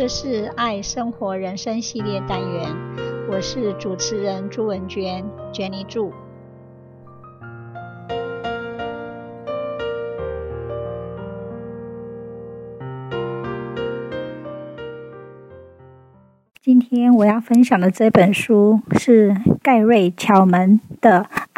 這是愛生活人生系列單元，我是主持人朱文娟。Jenny Chu，今天我要分享的這本書是蓋瑞·巧門的。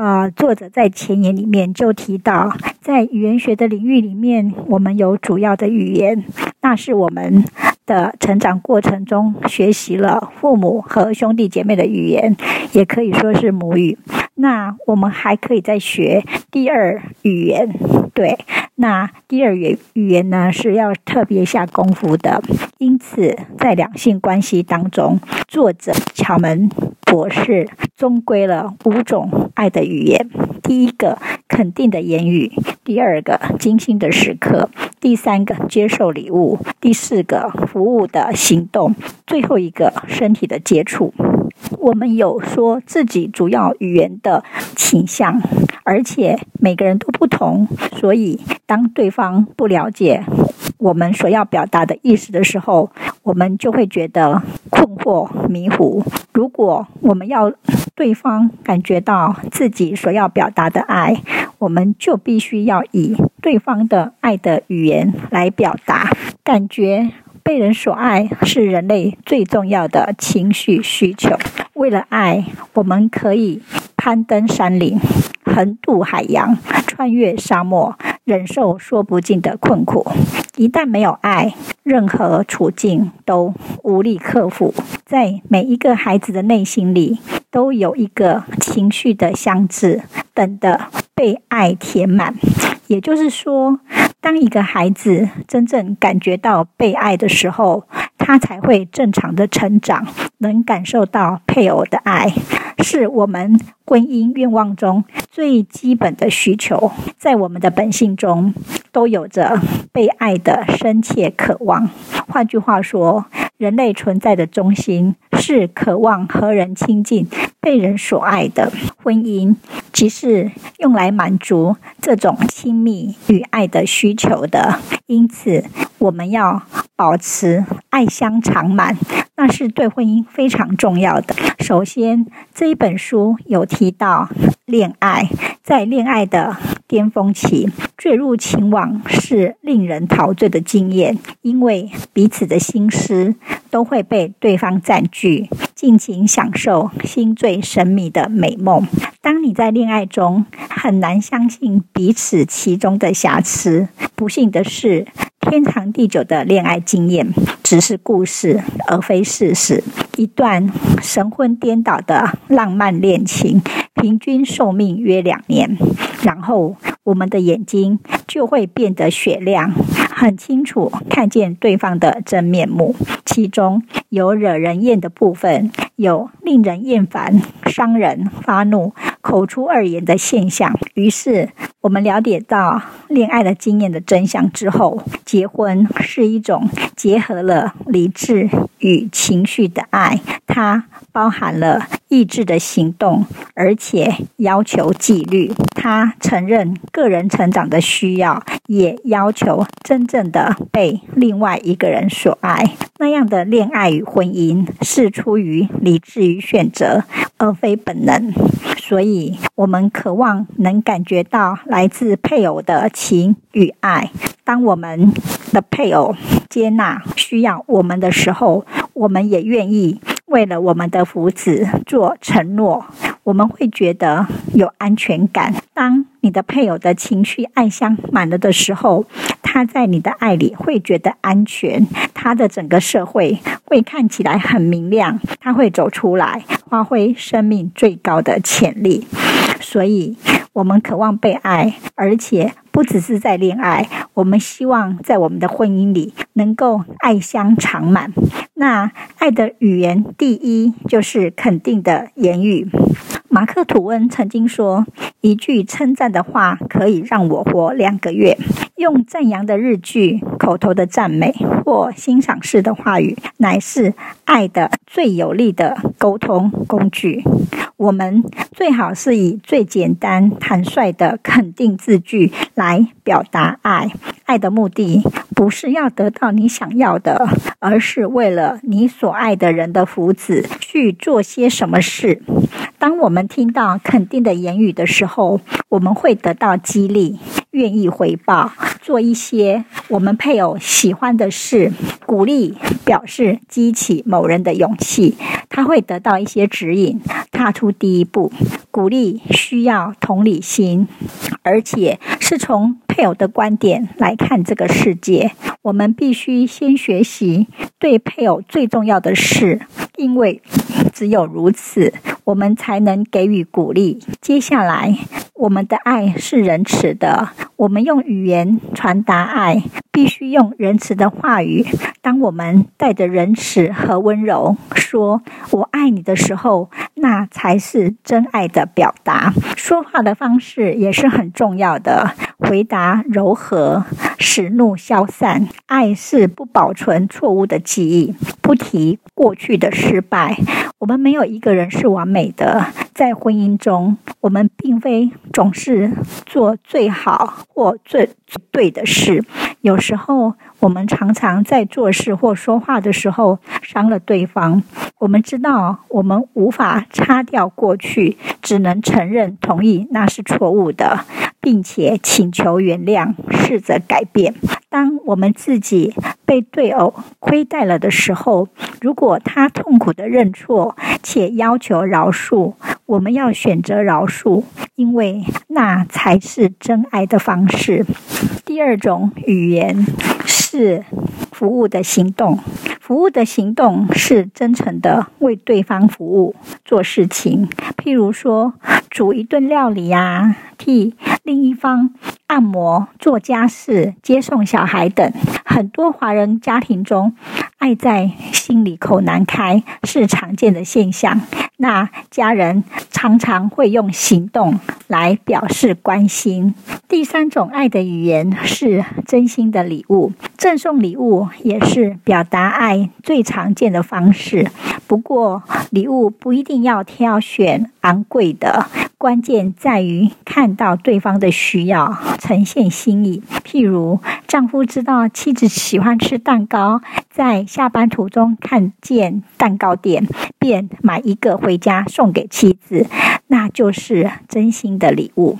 啊、呃，作者在前言裡面就提到，在語言學的領域裡面，我們有主要的語言，那是我們的成長過程中學習了父母和兄弟姐妹的語言，也可以說是母語。那我們還可以再學第二語言，對，那第二語語言呢是要特別下功夫的。因此，在兩性關係當中，作者巧門博士。終歸了五種愛的語言：第一個，肯定的言語；第二個，精心的時刻；第三個，接受禮物；第四個，服務的行動；最後一個，身體的接觸。我們有說自己主要語言的傾向，而且每個人都不同，所以當對方不了解我們所要表達的意思的時候，我們就會覺得困惑、迷糊。如果我們要對方感覺到自己所要表達的愛，我們就必須要以對方的愛的語言來表達。感覺被人所愛是人類最重要的情緒需求。為了愛，我們可以攀登山嶺，橫渡海洋，穿越沙漠，忍受說不盡的困苦。一旦沒有愛，任何處境都無力克服。在每一個孩子的內心裡，都有一個情緒的箱子，等著被愛填滿。也就是說，當一個孩子真正感覺到被愛的時候，他才會正常的成長，能感受到配偶的愛，是我們婚姻願望中最基本的需求。在我們的本性中，都有着被愛的深切渴望。換句話說，人類存在的中心。是渴望和人親近、被人所愛的。婚姻即是用來滿足這種親密與愛的需求的。因此，我們要保持愛箱常滿，那是對婚姻非常重要的。首先，這一本書有提到戀愛，在戀愛的。巔峰期，墜入情網是令人陶醉的經驗，因為彼此的心思都會被對方佔據，盡情享受心醉神迷的美夢。當你在戀愛中，很難相信彼此其中的瑕疵。不幸的是。天長地久的戀愛經驗只是故事，而非事實。一段神魂顛倒的浪漫戀情，平均壽命約兩年，然後我們的眼睛就會變得雪亮。很清楚看見對方的真面目，其中有惹人厭的部分，有令人厭煩、傷人、發怒、口出惡言的現象。於是我們了解到戀愛的經驗的真相之後，結婚是一種結合了理智與情緒的愛，它包含了意志的行動，而且要求紀律。他承認個人成長的需要，也要求真正的被另外一個人所愛。那樣的戀愛與婚姻是出於理智與選擇，而非本能。所以，我們渴望能感覺到來自配偶的情與愛。當我們的配偶接納需要我們的時候，我們也願意為了我們的福祉做承諾。我們會覺得有安全感。當你的配偶的情緒愛箱滿了的時候，他在你的愛裡會覺得安全，他的整個社會會看起來很明亮，他會走出來，發揮生命最高的潛力。所以，我們渴望被愛，而且。不只是在戀愛，我們希望在我們的婚姻裡能夠愛箱常滿。那愛的語言第一就是肯定的言語。馬克吐溫曾經說：“一句稱讚的話可以讓我活兩個月。”用讚揚的字句，口頭的讚美。或欣賞式的話語，乃是愛的最有力的溝通工具。我們最好是以最簡單、坦率的肯定字句來表達愛。愛的目的不是要得到你想要的，而是為了你所愛的人的福祉去做些什麼事。當我們聽到肯定的言語的時候，我們會得到激勵，願意回報，做一些我們配偶喜歡的事；鼓勵，表示激起某人的勇氣，他會得到一些指引，踏出第一步。鼓勵需要同理心，而且是從配偶的觀點來看這個世界。我們必須先學習對配偶最重要的事，因為只有如此。我們才能給予鼓勵。接下來，我們的愛是仁慈的。我們用語言傳達愛，必須用仁慈的話語。當我們帶着仁慈和溫柔說“我愛你”的時候，那才是真愛的表達。說話的方式也是很重要的。回答柔和，使怒消散。愛是不保存錯誤的記憶，不提過去的失敗。我們沒有一個人是完美的。在婚姻中，我們並非總是做最好或最，最對的事。有時候，我們常常在做事或說話的時候，傷了對方。我們知道我們無法擦掉過去，只能承認同意那是錯誤的，並且請求原諒，試着改變。當我們自己被配偶虧待了的時候，如果他痛苦地認錯且要求饒恕，我們要選擇饒恕，因為那才是真愛的方式。第二種語言。是服務的行動，服務的行動是真誠的為對方服務，做事情，譬如說煮一頓料理呀、啊，替另一方按摩、做家事、接送小孩等。很多華人家庭中，愛在心裡口難開是常見的現象，那家人常常會用行動來表示關心。第三種愛的語言是真心的禮物。贈送禮物也是表達愛最常見的方式。不過，禮物不一定要挑選昂貴的，關鍵在於看到對方的需要，呈現心意。譬如，丈夫知道妻子喜歡吃蛋糕，在下班途中看見蛋糕店，便買一個回家送給妻子，那就是真心的禮物。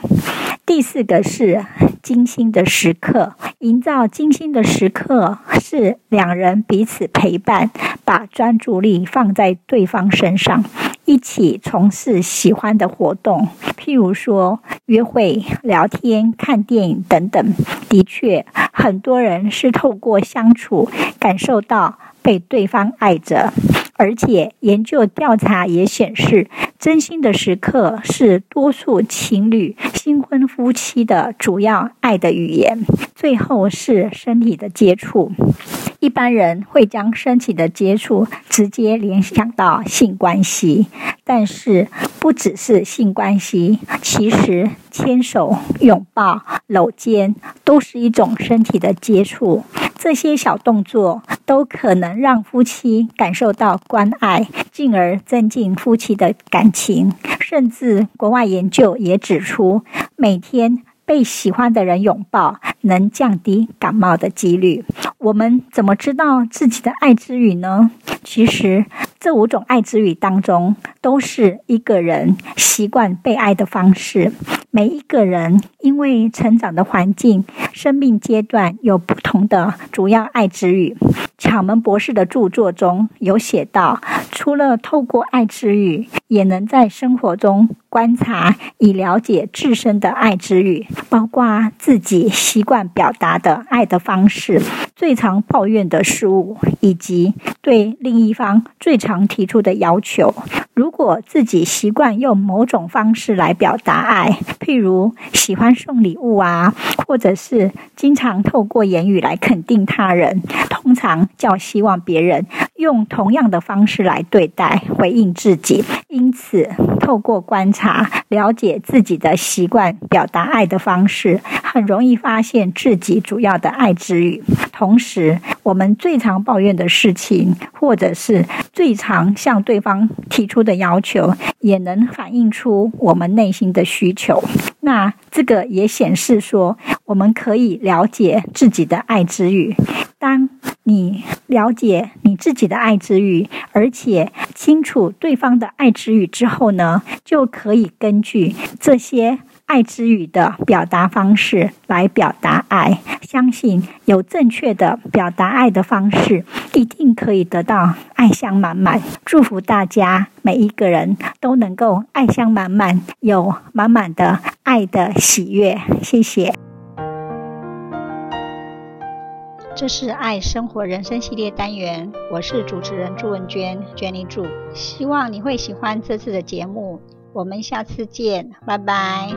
第四個是精心的時刻，營造精心的時刻是兩人彼此陪伴，把專注力放在對方身上，一起從事喜歡的活動，譬如說約會、聊天、看電影等等。的確，很多人是透過相處感受到被對方愛着，而且研究調查也顯示，真心的時刻是多數情侶、新婚夫妻的主要愛的語言。最後是身體的接觸，一般人會將身體的接觸直接聯想到性關係，但是不只是性關係，其實牽手、擁抱、摟肩都是一種身體的接觸。這些小動作都可能讓夫妻感受到關愛，進而增進夫妻的感情。甚至國外研究也指出，每天被喜歡的人擁抱，能降低感冒的幾率。我們怎麼知道自己的愛之語呢？其實，這五種愛之語當中，都是一個人習慣被愛的方式。每一個人因為成長的環境、生命階段有不同的主要愛之語。巧門博士的著作中有寫到，除了透過愛之語，也能在生活中觀察以了解自身的愛之語，包括自己習慣表達的愛的方式。最常抱怨的事物，以及對另一方最常提出的要求。如果自己習慣用某種方式來表達愛，譬如喜歡送禮物啊，或者是經常透過言語來肯定他人，通常較希望別人用同樣的方式來對待回應自己。因此，透過觀察了解自己的習慣表達愛的方式，很容易發現自己主要的愛之語。同時，我們最常抱怨的事情，或者是最常向對方提出的要求，也能反映出我們內心的需求。那這個也顯示說，我們可以了解自己的愛之語。當你了解你自己的愛之語，而且清楚對方的愛之語之後呢，就可以根據這些。愛之語的表達方式來表達愛，相信有正確的表達愛的方式，一定可以得到愛箱滿滿。祝福大家，每一個人都能夠愛箱滿滿，有滿滿的愛的喜悅。謝謝。這是愛生活人生系列單元，我是主持人朱文娟 （Jenny 朱）娟你。希望你會喜歡這次的節目，我們下次見，拜拜。